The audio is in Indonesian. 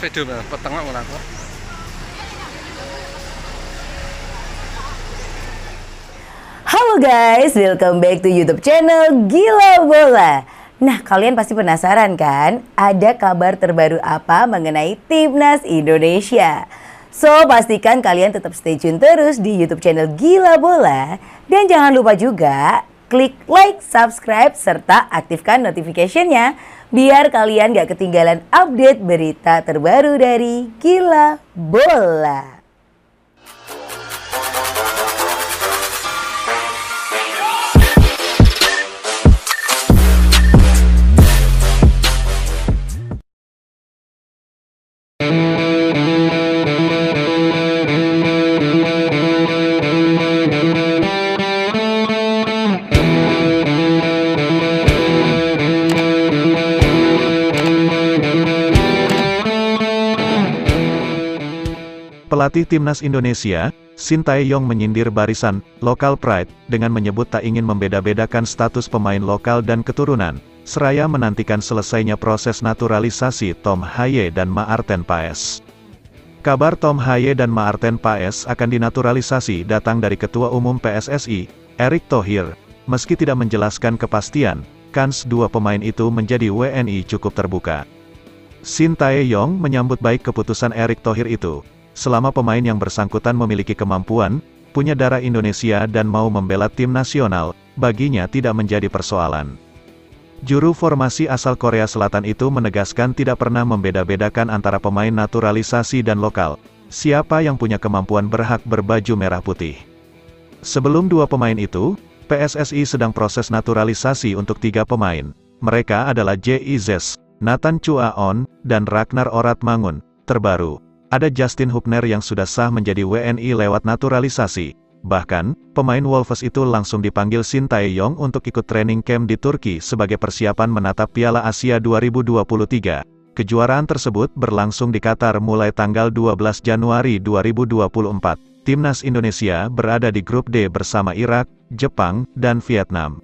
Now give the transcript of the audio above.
video mana petengah Halo guys, welcome back to YouTube channel Gila Bola. Nah, kalian pasti penasaran kan? Ada kabar terbaru apa mengenai Timnas Indonesia? So, pastikan kalian tetap stay tune terus di YouTube channel Gila Bola. Dan jangan lupa juga klik like, subscribe, serta aktifkan notification-nya biar kalian gak ketinggalan update berita terbaru dari Gila Bola. Pelatih Timnas Indonesia, Sintayong menyindir barisan lokal pride dengan menyebut tak ingin membeda-bedakan status pemain lokal dan keturunan. Seraya menantikan selesainya proses naturalisasi Tom Haye dan Maarten Paes. Kabar Tom Haye dan Maarten Paes akan dinaturalisasi datang dari Ketua Umum PSSI, Erick Thohir. Meski tidak menjelaskan kepastian, kans dua pemain itu menjadi WNI cukup terbuka. Shin Tae-yong menyambut baik keputusan Erick Thohir itu, selama pemain yang bersangkutan memiliki kemampuan, punya darah Indonesia dan mau membela tim nasional, baginya tidak menjadi persoalan. Juru formasi asal Korea Selatan itu menegaskan tidak pernah membeda-bedakan antara pemain naturalisasi dan lokal. Siapa yang punya kemampuan berhak berbaju merah putih. Sebelum dua pemain itu, PSSI sedang proses naturalisasi untuk tiga pemain. Mereka adalah J.I. Zes, Nathan On, dan Ragnar Orat Mangun, terbaru ada Justin Hubner yang sudah sah menjadi WNI lewat naturalisasi. Bahkan, pemain Wolves itu langsung dipanggil Shin Tae-yong untuk ikut training camp di Turki sebagai persiapan menatap Piala Asia 2023. Kejuaraan tersebut berlangsung di Qatar mulai tanggal 12 Januari 2024. Timnas Indonesia berada di grup D bersama Irak, Jepang, dan Vietnam.